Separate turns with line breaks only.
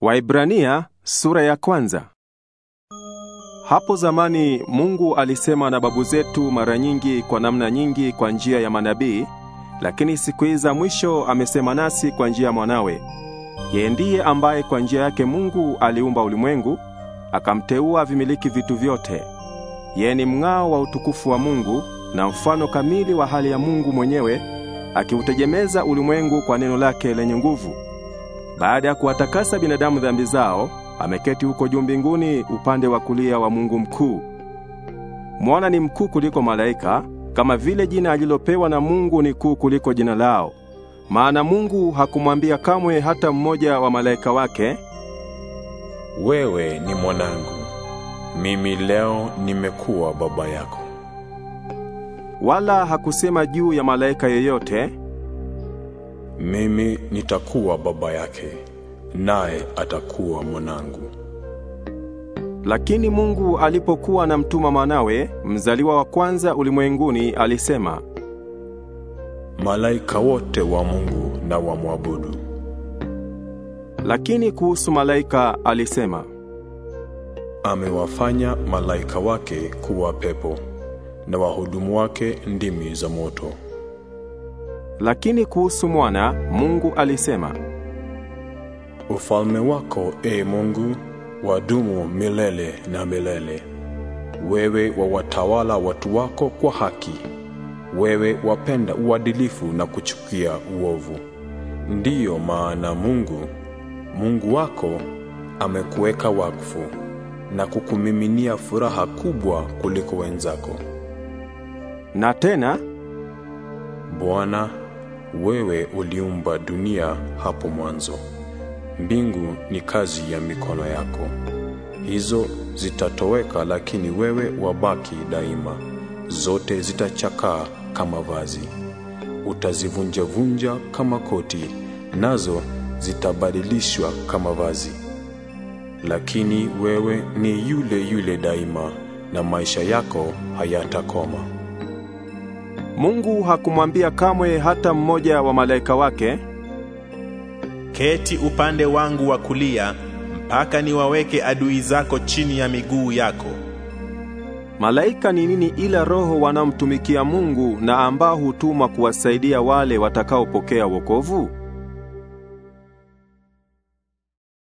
Waibrania sura ya kwanza. Hapo zamani Mungu alisema na babu zetu mara nyingi kwa namna nyingi kwa njia ya manabii, lakini siku hizi za mwisho amesema nasi kwa njia ya mwanawe. Yeye ndiye ambaye kwa njia yake Mungu aliumba ulimwengu, akamteua vimiliki vitu vyote. Yeye ni mng'ao wa utukufu wa Mungu na mfano kamili wa hali ya Mungu mwenyewe, akiutegemeza ulimwengu kwa neno lake lenye nguvu. Baada ya kuwatakasa binadamu dhambi zao, ameketi huko juu mbinguni upande wa kulia wa Mungu mkuu. Mwana ni mkuu kuliko malaika, kama vile jina alilopewa na Mungu ni kuu kuliko jina lao. Maana Mungu hakumwambia kamwe hata mmoja wa malaika wake, wewe ni mwanangu, mimi leo nimekuwa baba yako. Wala hakusema juu ya malaika yeyote mimi nitakuwa baba yake, naye atakuwa mwanangu. Lakini Mungu alipokuwa anamtuma mwanawe mzaliwa wa kwanza ulimwenguni, alisema, malaika wote wa Mungu na wamwabudu. Lakini kuhusu malaika alisema, amewafanya malaika wake kuwa pepo na wahudumu wake ndimi za moto. Lakini kuhusu mwana Mungu alisema, ufalme wako e Mungu wadumu milele na milele. Wewe wawatawala watu wako kwa haki, wewe wapenda uadilifu na kuchukia uovu. Ndiyo maana Mungu Mungu wako amekuweka wakfu na kukumiminia furaha kubwa kuliko wenzako. Na tena Bwana wewe uliumba dunia hapo mwanzo. Mbingu ni kazi ya mikono yako. Hizo zitatoweka, lakini wewe wabaki daima. Zote zitachakaa kama vazi, utazivunjavunja kama koti, nazo zitabadilishwa kama vazi. Lakini wewe ni yule yule daima, na maisha yako hayatakoma. Mungu hakumwambia kamwe hata mmoja wa malaika wake, keti upande wangu wa kulia mpaka niwaweke adui zako chini ya miguu yako. Malaika ni nini ila roho wanaomtumikia Mungu na ambao hutumwa kuwasaidia wale watakaopokea wokovu?